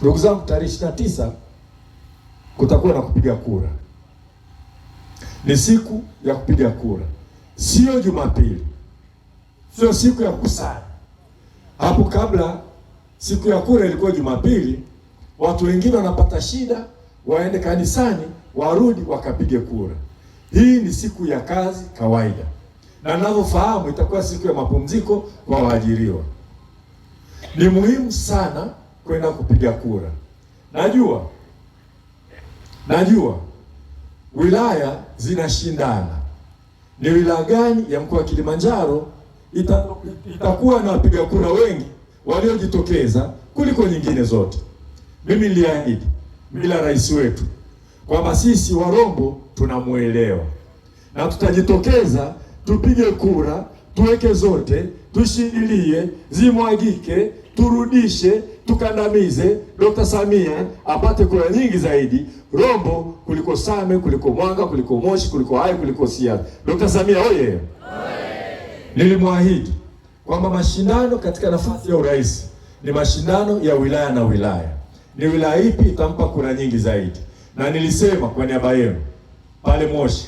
Ndugu zangu, tarehe ishirini na tisa kutakuwa na kupiga kura. Ni siku ya kupiga kura, sio Jumapili, sio siku ya kusali. Hapo kabla siku ya kura ilikuwa Jumapili, watu wengine wanapata shida, waende kanisani, warudi wakapige kura. Hii ni siku ya kazi kawaida, na ninavyofahamu itakuwa siku ya mapumziko kwa waajiriwa. Ni muhimu sana kwenda kupiga kura. Najua najua wilaya zinashindana, ni wilaya gani ya mkoa wa Kilimanjaro ita, itakuwa na wapiga kura wengi waliojitokeza kuliko nyingine zote. Mimi niliahidi bila rais wetu kwamba sisi Warombo tunamwelewa na tutajitokeza tupige kura, tuweke zote, tushindilie, zimwagike, turudishe tukandamize Dr. Samia eh, apate kura nyingi zaidi Rombo kuliko Same kuliko Mwanga kuliko Moshi kuliko Hai kuliko Siasa. Dr. Samia oye, oye! Nilimwahidi kwamba mashindano katika nafasi ya urais ni mashindano ya wilaya na wilaya, ni wilaya ipi itampa kura nyingi zaidi, na nilisema kwa niaba yenu pale Moshi,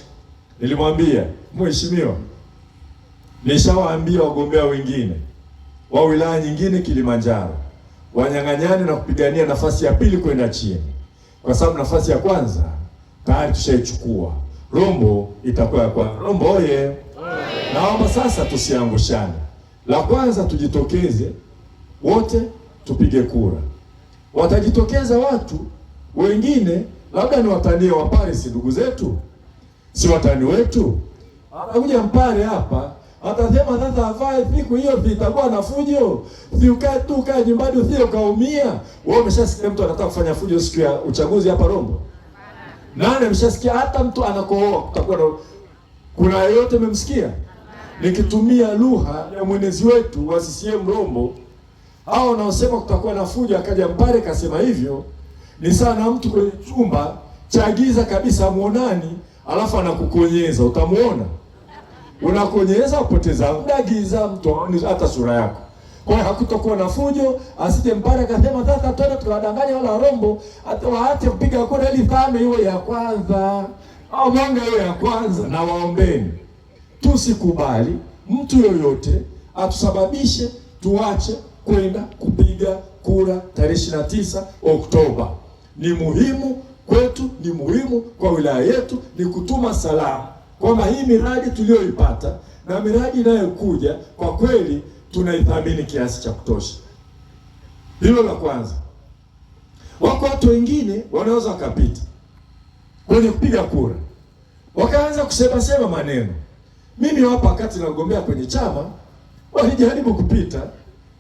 nilimwambia mheshimiwa, nishawaambia wagombea wengine wa wilaya nyingine Kilimanjaro wanyang'anyane na kupigania nafasi ya pili kwenda chini, kwa sababu nafasi ya kwanza tayari tushaichukua. Rombo itakuwa ya kwanza. Rombo oye! Naomba sasa tusiangushane, la kwanza tujitokeze wote tupige kura. Watajitokeza watu wengine, labda ni watanie wa Paris, ndugu zetu, si watani wetu, atakuja Mpare hapa Atasema sasa afae siku hiyo, si itakuwa na fujo? Si ukae tu ukae nyumbani usije ukaumia. Wewe umeshasikia mtu anataka kufanya fujo siku ya uchaguzi hapa Rombo? Nani ameshasikia? Hata mtu anakooa kutakuwa na kuna yeyote amemsikia? Nikitumia lugha ya mwenezi wetu wa CCM Rombo, hao wanaosema kutakuwa na fujo, akaja Mbare kasema hivyo, ni sana mtu kwenye chumba cha giza kabisa, muonani, alafu anakukonyeza, utamuona unakonyeza kupoteza muda, giza, mtu aoni hata sura yako. Kwa hiyo hakutakuwa na fujo, asije mpare kasema sasa twende tukawadanganya wala rombo hata waache kupiga kura ili fahamu hiyo ya kwanza au mwanga hiyo ya kwanza. Na waombeni tusikubali mtu yoyote atusababishe tuache kwenda kupiga kura tarehe 29 Oktoba. Ni muhimu kwetu, ni muhimu kwa wilaya yetu, ni kutuma salamu kwamba hii miradi tuliyoipata na miradi inayokuja kwa kweli tunaithamini kiasi cha kutosha. Hilo la kwanza. Wako watu wengine wanaweza wakapita kwenye kupiga kura wakaanza kusemasema maneno. Mimi wapo wakati nagombea kwenye chama, walijaribu kupita,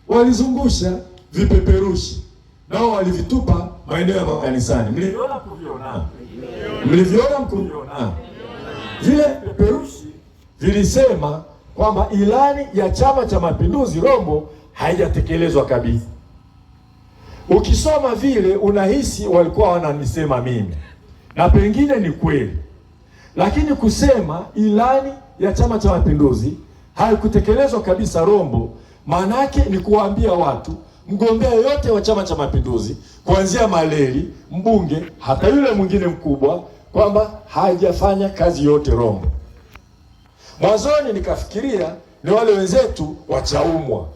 walizungusha vipeperushi, nao walivitupa maeneo ya makanisani. mlivyona mkuviona, ah. mkuviona ah. Vile peperushi vilisema kwamba ilani ya Chama cha Mapinduzi Rombo haijatekelezwa kabisa. Ukisoma vile unahisi walikuwa wananisema mimi, na pengine ni kweli, lakini kusema ilani ya Chama cha Mapinduzi haikutekelezwa kabisa Rombo, maana yake ni kuwaambia watu mgombea yote wa Chama cha Mapinduzi kuanzia Maleli, mbunge hata yule mwingine mkubwa kwamba hajafanya kazi yote Rombo. Mwanzoni nikafikiria ni wale wenzetu wachaumwa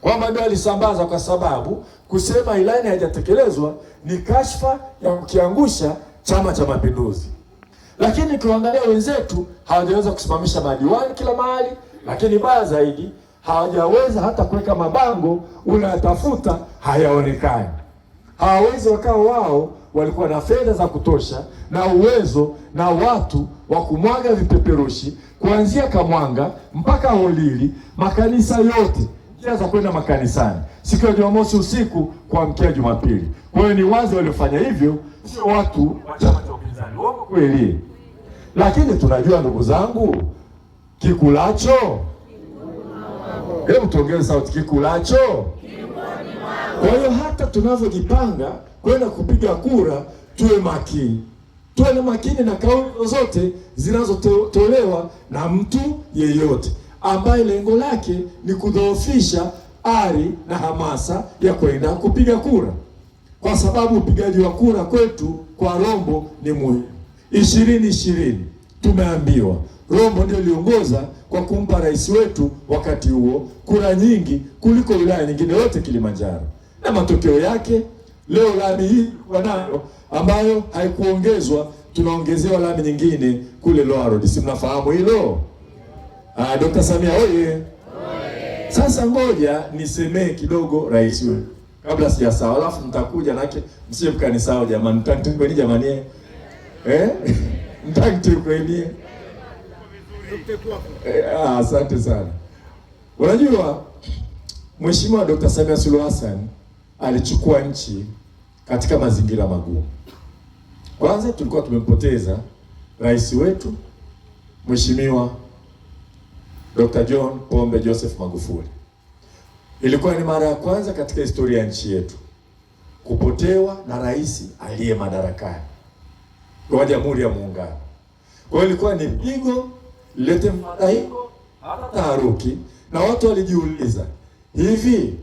kwamba ndio alisambaza, kwa sababu kusema ilani haijatekelezwa ni kashfa ya kukiangusha Chama cha Mapinduzi. Lakini tuangalia wenzetu, hawajaweza kusimamisha madiwani kila mahali, lakini baya zaidi hawajaweza hata kuweka mabango, unayatafuta hayaonekani. Hawawezi wakawa wao walikuwa na fedha za kutosha na uwezo na watu wa kumwaga vipeperushi kuanzia Kamwanga mpaka Holili, makanisa yote, njia za kwenda makanisani siku ya Jumamosi usiku kuamkia Jumapili. Kwa hiyo ni wazi waliofanya hivyo sio watu wa chama cha upinzani, wao kweli? Lakini tunajua ndugu zangu, kikulacho hebu tuongeze sauti, kikulacho. Kwa hiyo hata tunavyojipanga kwenda kupiga kura, tuwe makini, tuwe na makini na kauli zote zinazotolewa na mtu yeyote ambaye lengo lake ni kudhoofisha ari na hamasa ya kwenda kupiga kura, kwa sababu upigaji wa kura kwetu kwa Rombo ni muhimu. ishirini ishirini tumeambiwa Rombo ndio iliongoza kwa kumpa rais wetu wakati huo kura nyingi kuliko wilaya nyingine yote Kilimanjaro, na matokeo yake Leo lami hii tulikuwa nayo ambayo haikuongezwa, tunaongezewa lami nyingine kule Loa Road, si mnafahamu hilo? Ah, Dr. Samia oye! Sasa ngoja nisemee kidogo rais huyu kabla sijasahau, alafu mtakuja nake, msije mkanisahau jamani, mtanitukueni jamani, eh mtanitukueni. Eh? Eh? Eh, ah, asante sana. Unajua Mheshimiwa Dr. Samia Suluhu Hassan alichukua nchi katika mazingira magumu. Kwanza tulikuwa tumempoteza rais wetu Mheshimiwa Dr. John Pombe Joseph Magufuli. Ilikuwa ni mara ya kwanza katika historia ya nchi yetu kupotewa na rais aliye madarakani kwa Jamhuri ya Muungano. Kwa hiyo ilikuwa ni pigo lilete mfadhaiko hata taharuki, na watu walijiuliza hivi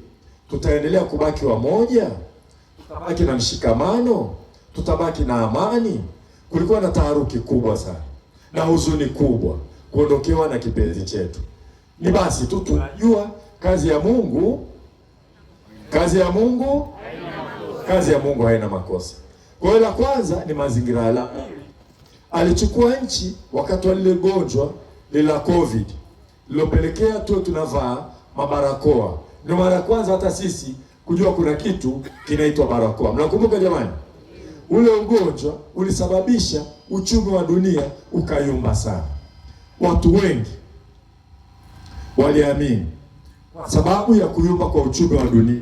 tutaendelea kubaki wamoja? Tutabaki na mshikamano? Tutabaki na amani? Kulikuwa na taharuki kubwa sana na huzuni kubwa kuondokewa na kipenzi chetu. Ni basi tu tunajua kazi ya Mungu, kazi ya Mungu, kazi ya Mungu haina makosa. Kwa hiyo la kwanza ni mazingira ya alichukua nchi wakati wa lile gonjwa lila la COVID lilopelekea tuwe tunavaa mabarakoa ndio mara ya kwanza hata sisi kujua kuna kitu kinaitwa barakoa. Mnakumbuka jamani? Ule ugonjwa ulisababisha uchumi wa dunia ukayumba sana. Watu wengi waliamini kwa sababu ya kuyumba kwa uchumi wa dunia,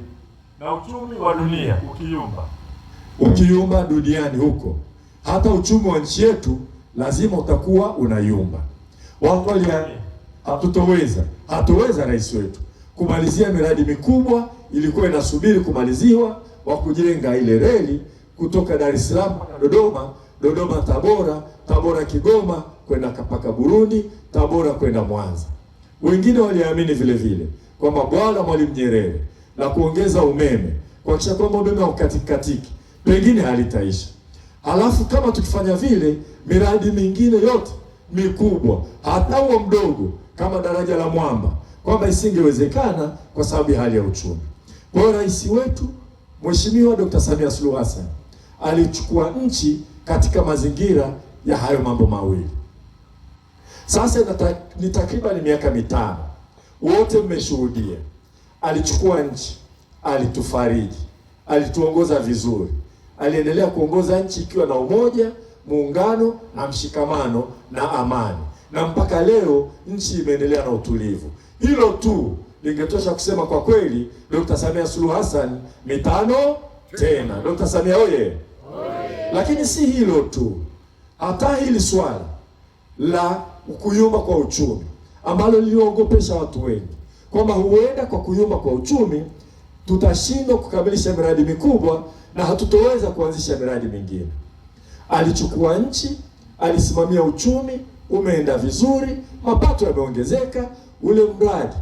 na uchumi wa dunia ukiyumba, ukiyumba duniani huko, hata uchumi wa nchi yetu lazima utakuwa unayumba. Watu waliamini hatutoweza, hatoweza rais wetu kumalizia miradi mikubwa ilikuwa inasubiri kumaliziwa wa kujenga ile reli kutoka Dar es Salaam na Dodoma, Dodoma Tabora, Tabora Kigoma kwenda kapaka Burundi, Tabora kwenda Mwanza. Wengine waliamini vile vile kwamba Bwana Mwalimu Nyerere na kuongeza umeme kuakisha kwamba umeme haukatikatiki pengine halitaisha. Halafu kama tukifanya vile, miradi mingine yote mikubwa hata huo mdogo kama daraja la Mwamba kwamba isingewezekana kwa sababu ya hali ya uchumi. Kwa hiyo rais wetu Mheshimiwa Dkt. Samia Suluhu Hassan alichukua nchi katika mazingira ya hayo mambo mawili. Sasa ni takriban miaka mitano, wote mmeshuhudia. Alichukua nchi, alitufariji, alituongoza vizuri, aliendelea kuongoza nchi ikiwa na umoja, muungano na mshikamano na amani, na mpaka leo nchi imeendelea na utulivu. Hilo tu lingetosha kusema kwa kweli, Dr. Samia Suluhu Hassan mitano tena, Dr. Samia oye, oye! Lakini si hilo tu, hata hili swala la kuyumba kwa uchumi ambalo liliogopesha watu wengi kwamba huenda kwa kuyumba kwa uchumi tutashindwa kukamilisha miradi mikubwa na hatutoweza kuanzisha miradi mingine. Alichukua nchi, alisimamia uchumi umeenda vizuri, mapato yameongezeka. Ule mradi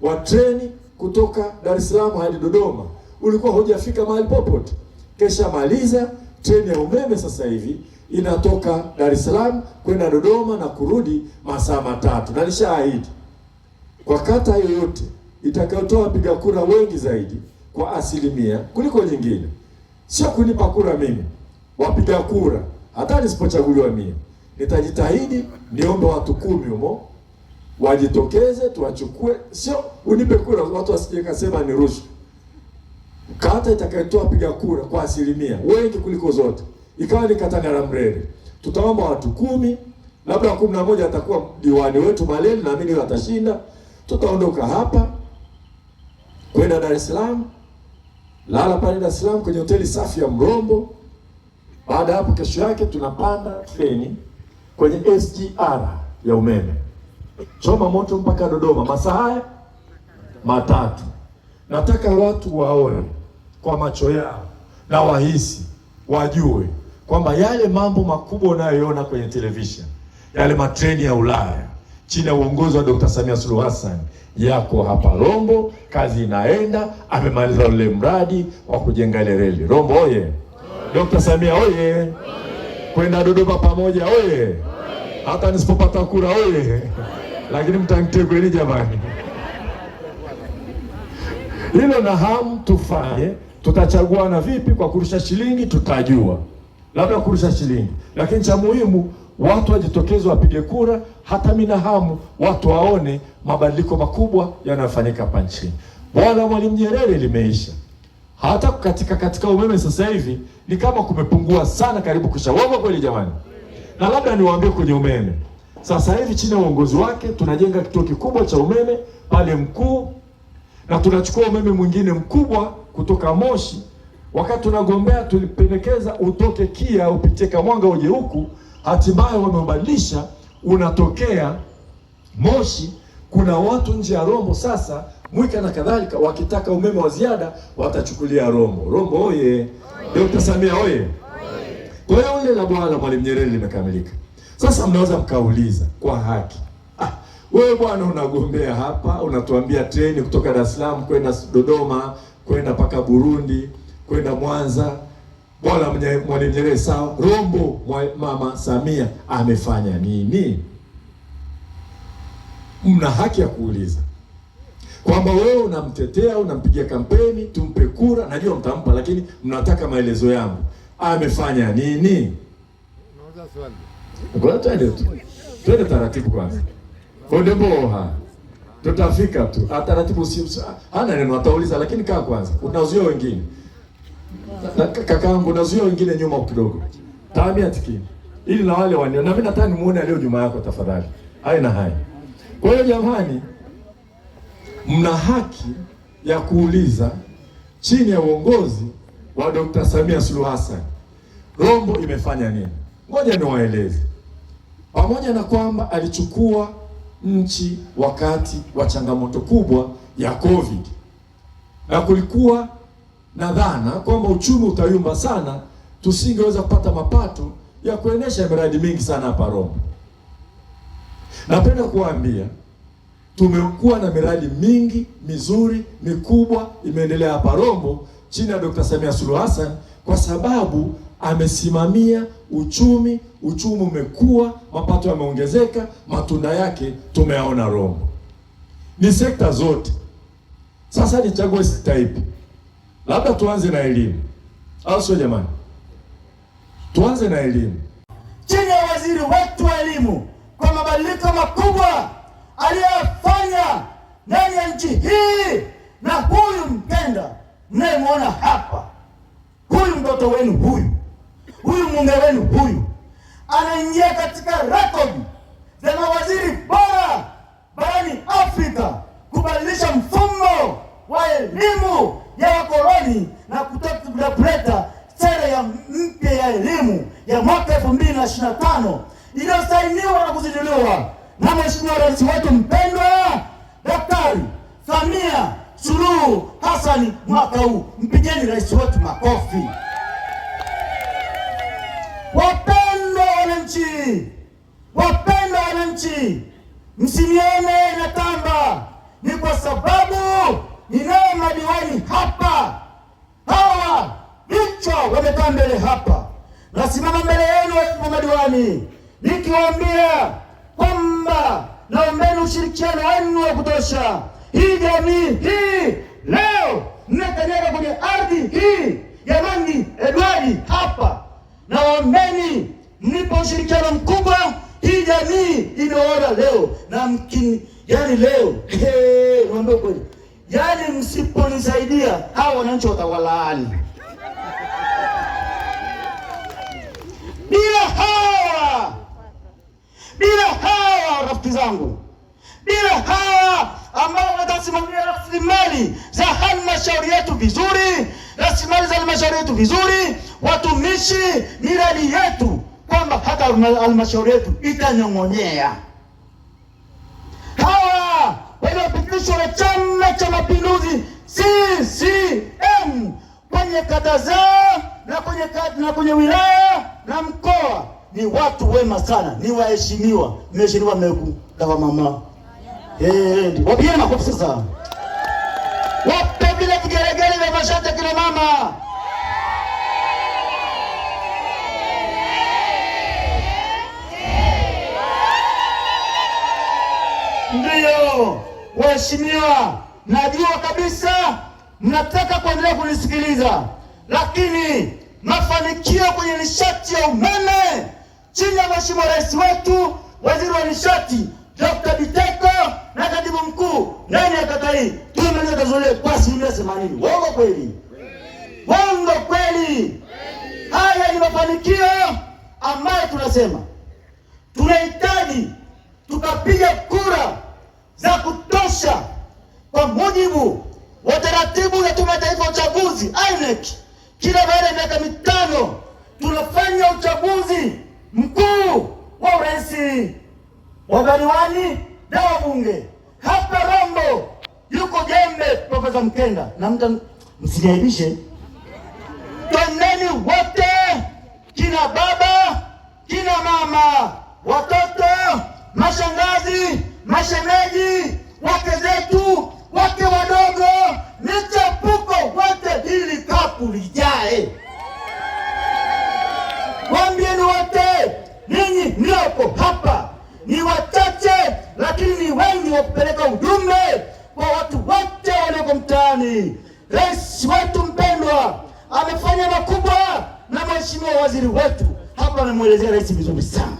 wa treni kutoka Dar es Salaam hadi Dodoma ulikuwa hujafika mahali popote, kesha maliza. Treni ya umeme sasa hivi inatoka Dar es Salaam kwenda Dodoma na kurudi masaa matatu, na nishaahidi kwa kata yoyote itakayotoa wapiga kura wengi zaidi kwa asilimia kuliko nyingine, sio kunipa kura mimi, wapiga kura hata nisipochaguliwa mimi nitajitahidi niombe watu kumi humo wajitokeze, tuwachukue, sio unipe kura, watu wasije kasema ni rushwa. Kata itakayotoa piga kura kwa asilimia wengi kuliko zote ikawa ni kata Ngaramrere, tutaomba watu kumi, labda wa kumi na moja atakuwa diwani wetu Maleni, naamini watashinda. Tutaondoka hapa kwenda Dar es Salaam, lala pale Dar es Salaam kwenye hoteli safi ya Mrombo. Baada ya hapo, kesho yake tunapanda treni kwenye SGR ya umeme, choma moto mpaka Dodoma, masaa haya matatu. Nataka watu waone kwa macho yao na wahisi, wajue kwamba yale mambo makubwa unayoona kwenye television, yale matreni ya Ulaya chini ya uongozi wa Dr. Samia Suluhu Hassan yako hapa Rombo, kazi inaenda. Amemaliza ule mradi wa kujenga ile reli Rombo oye! Dr. Samia oye! kwenda Dodoma pamoja oye, hata nisipopata kura oye, lakini mtanitie kweli jamani. Hilo na hamu tufanye. Tutachaguana vipi? Kwa kurusha shilingi, tutajua labda kurusha shilingi, lakini cha muhimu watu wajitokeze wapige kura. Hata mimi na hamu watu waone mabadiliko makubwa yanayofanyika hapa nchini. Bwana Mwalimu Nyerere limeisha hata katika katika umeme sasa hivi ni kama kumepungua sana, karibu kusha. Uongo kweli jamani? Na labda niwaambie kwenye umeme, sasa hivi chini ya uongozi wake tunajenga kituo kikubwa cha umeme pale Mkuu, na tunachukua umeme mwingine mkubwa kutoka Moshi. Wakati tunagombea tulipendekeza utoke Kia upitie Kamwanga uje huku, hatimaye wameubadilisha unatokea Moshi. Kuna watu nje ya Rombo sasa Mwika na kadhalika, wakitaka umeme wa ziada watachukulia Rombo. Rombo oye! Dr. Samia oye! Kwa hiyo ile la bwana Mwalimu Nyerere limekamilika. Sasa mnaweza mkauliza kwa haki, ah, wewe bwana unagombea hapa, unatuambia treni kutoka Dar es Salaam kwenda Dodoma kwenda mpaka Burundi kwenda Mwanza Bwana Mwalimu Nyerere sawa. Rombo mama Samia amefanya nini? Mna haki ya kuuliza kwamba wewe unamtetea, unampigia kampeni, tumpe kura, najua mtampa, lakini mnataka maelezo yangu, amefanya nini? Twende tu, twende taratibu kwanza, boha, tutafika tu ah, taratibu, si hana neno atauliza, lakini kaa kwanza, unazuia wengine kakaangu, unazuia wengine nyuma kidogo, tamia tikini ili na wale wanio, na mimi nataka nimuone aliyo nyuma yako, tafadhali. Hai na hai. Kwa hiyo jamani mna haki ya kuuliza chini ya uongozi wa Dr. Samia Suluhu Hassan Rombo imefanya nini? Ngoja niwaeleze. Pamoja na kwamba alichukua nchi wakati wa changamoto kubwa ya COVID na kulikuwa na dhana kwamba uchumi utayumba sana, tusingeweza kupata mapato ya kuendesha miradi mingi sana hapa Rombo. Napenda kuwaambia tumekuwa na miradi mingi mizuri mikubwa imeendelea hapa Rombo chini ya Dkt. Samia Suluhu Hassan kwa sababu amesimamia uchumi, uchumi umekuwa, mapato yameongezeka, matunda yake tumeyaona Rombo. Ni sekta zote. Sasa ni chague sekta ipi? Labda tuanze na elimu, au sio jamani? Tuanze na elimu. Chini ya waziri wetu wa elimu, kwa mabadiliko makubwa aliyefanya ndani ya nchi hii, na huyu mpenda mnayemwona hapa, huyu mtoto wenu huyu, huyu mume wenu huyu, anaingia katika rekodi za mawaziri bora barani Afrika kubadilisha mfumo wa elimu ya wakoloni na kutaka kuleta sera ya mpya ya elimu ya mwaka 2025 iliyosainiwa na kuzinduliwa na mheshimiwa rais wetu mpendwa Daktari Samia Suluhu Hassan mwaka huu. Mpigeni rais wetu makofi. Wapendwa wananchi, wapendwa wananchi, msinione na tamba, ni kwa sababu ninao madiwani hapa, hawa vichwa wamekaa mbele hapa, nasimama mbele yenu madiwani nikiwaambia Naomba naombeni ushirikiano wenu wa kutosha. Hii jamii hii leo mnakanyaga kwenye ardhi hii ya rangi Edward hapa, naombeni mnipe ushirikiano mkubwa. Hii jamii imeona leo na mkini, yani leo hey, kweli, yani msiponisaidia hawa wananchi watawalaani bila hawa bila hawa zangu, bila hawa ambao watasimamia rasilimali za halmashauri yetu vizuri, rasilimali za halmashauri yetu vizuri, watumishi, miradi yetu, kwamba hata halmashauri yetu itanyong'onyea. Hawa waliopitishwa na Chama cha Mapinduzi CCM kwenye kata zao na kwenye wilaya na mkoa ni watu wema sana, ni waheshimiwa. Mheshimiwa Meku dawa mama eh, wapieni makofi sasa, wape vile vigeregere vya mashati kina mama Ndiyo waheshimiwa, najua kabisa mnataka kuendelea kunisikiliza, lakini mafanikio kwenye nishati ya umeme chini ya Mheshimiwa Rais wetu, waziri wa nishati Dr. Biteko na katibu mkuu nani ya kata hii tumemaliza tatizo kwa asilimia themanini. Wongo kweli? Wongo kweli? Haya ni mafanikio ambayo tunasema tunahitaji tukapiga kura za kutosha kwa mujibu wa taratibu za Tume ya Taifa ya Uchaguzi INEC. Kila baada ya miaka mitano tunafanya uchaguzi mkuu wa urais wa galiwani na wa bunge hapa Rombo yuko jembe Profesa Mkenda na mta msijaibishe toneni wote, kina baba, kina mama, watoto, mashangazi, mashemeji, wake zetu, wake wadogo, michepuko wote, ili kapu lijae waambieni wote, ninyi mlioko hapa ni wachache, lakini ni wengi wa kupeleka ujumbe kwa watu wote walioko mtaani. Rais wetu mpendwa amefanya makubwa, na mheshimiwa waziri wetu hapa amemwelezea rais vizuri sana.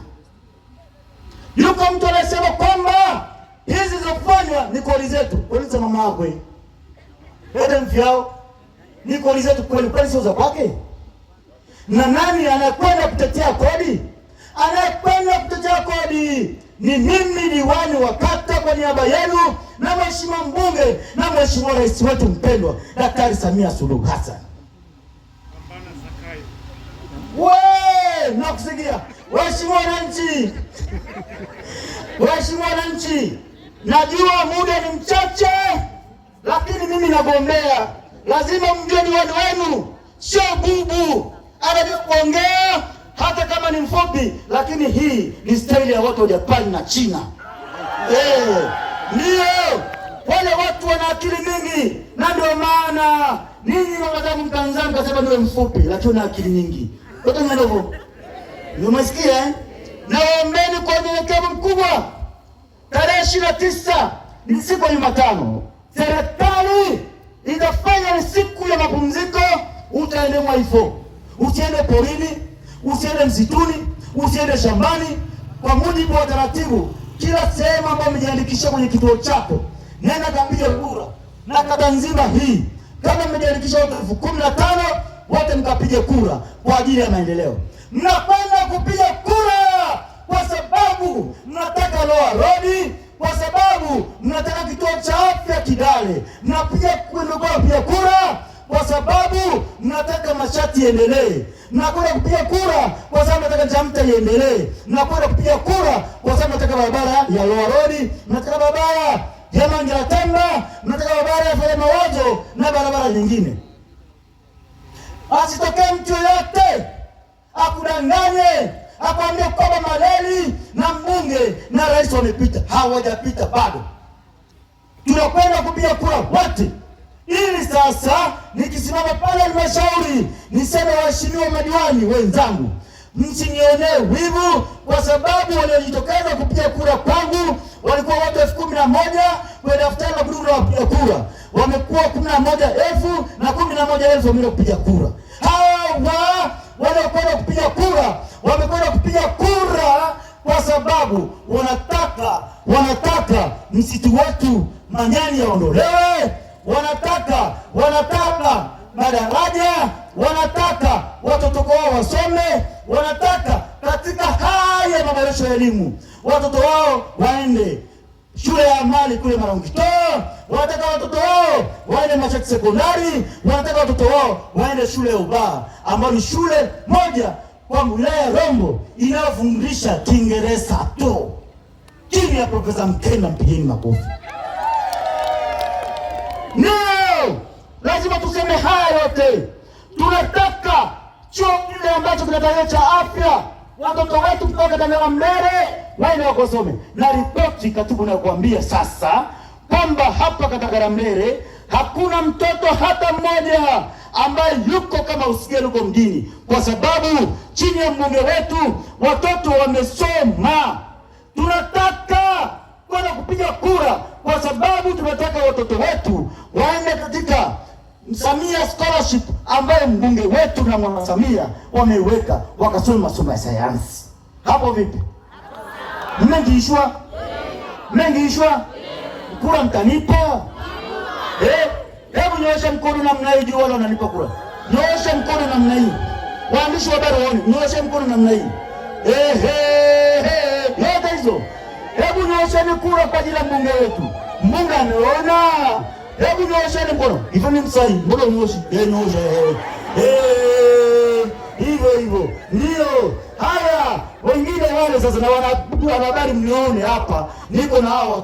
Yuko mtu anasema kwamba hizi zilizofanywa ni kodi zetu, kodi za mama yako, ede eh? mfyao, ni kodi zetu kweli kweli, sio za kwake. Na nani anakwenda kutetea kodi? Anayekwenda kutetea kodi ni mimi diwani wa kata kwa niaba yenu na mheshimiwa mbunge na mheshimiwa rais wetu mpendwa Daktari Samia Suluhu Hassan. We nakusikia waheshimiwa wananchi, waheshimiwa wananchi, najua muda ni mchache, lakini mimi nagombea, lazima mjue diwani wenu sio bubu anajua kuongea hata kama ni mfupi, lakini hii ni staili ya watu wa Japani na China. Eh, ndio wale watu wana akili nyingi, na ndio maana ninyi wanataka mtanzania kasema niwe mfupi, lakini una akili nyingi. Wote ndio umesikia eh? Naombeni kwa unyenyekevu mkubwa, tarehe ishirini na tisa ni siku ya Jumatano, serikali itafanya siku ya mapumziko, utaendemwa hivyo usiende porini, usiende msituni, usiende shambani. Kwa mujibu wa taratibu, kila sehemu ambayo umejiandikisha kwenye kituo chako, nenda kapige kura na kata nzima hii. Kama mmejiandikisha watu elfu kumi na tano wote mkapige kura kwa ajili ya maendeleo. Mnakwenda kupiga kura kwa sababu mnataka Loa Road, kwa sababu mnataka kituo cha afya Kidale. Mnapiga kupiga kura kwa sababu nataka mashati iendelee. Mnakwenda kupiga kura kwa sababu nataka Chamta iendelee. Mnakwenda kupiga kura kwa sababu nataka barabara ya Loa Road, barabara ya Tanga, nataka barabara ya Fanya Mawazo na barabara nyingine. Asitokee mtu yoyote akudanganye akwambia kwamba maleli na mbunge na rais wamepita. Hawajapita bado. Tunakwenda kupiga kura wote ili sasa nikisimama pale halmashauri niseme, waheshimiwa madiwani wenzangu, msinionee wivu, kwa sababu waliojitokeza kupiga kura kwangu walikuwa watu elfu kumi na moja kwenye daftari la kudumu la wapiga kura, wamekuwa kumi na moja elfu na kumi na moja elfu wameenda kupiga kura. Hawa waliokwenda kupiga kura wamekwenda kupiga kura kwa sababu wanataka wanataka msitu wetu Manyani yaondolewe wanataka wanataka madaraja, wanataka watoto wao wasome, wanataka katika haya ya maboresho ya elimu watoto wao waende shule ya amali kule Marongito, wanataka watoto wao waende Mashaki Sekondari, wanataka watoto wao waende shule ya Ubaa ambayo ni shule moja kwa wilaya ya Rombo inayofundisha Kiingereza tu chini ya Profesa Mkenda. Mpigeni makofi. Leo lazima tuseme haya yote. Tunataka chuo kile ambacho kinatakiwa cha afya, watoto wetu kutoka Kagera mbele waende wakosome. Na ripoti katibu nakuambia sasa kwamba hapa katagara mbele hakuna mtoto hata mmoja ambaye yuko kama Usigeli huko mjini, kwa sababu chini ya mbunge wetu watoto wamesoma. Tunataka kwenda kupiga kura kwa sababu tunataka watoto wetu waende katika Samia Scholarship ambayo mbunge wetu na mwana Samia wameiweka wakasome masomo ya sayansi. Hapo vipi? Mmengiishwa? Mmengiishwa? Kura mtanipa? Eh, hebu nyoosha mkono namna hiyo juu wale wananipa kura. Nyoosha mkono namna mnai Waandishi wa habari waone, nyoosha mkono namna hiyo. Eh, eh, eh, yote hizo. Hebu nyosheni kura kwa ajili ya mbunge wetu. Mbunge ameona, hebu nyosheni kura. Hivyo ni msahihi, mbona unyoshi? Eh, nyosha eh, hivyo hivyo ndio. Haya, wengine wale sasa, na wana mnione hapa, niko na hao.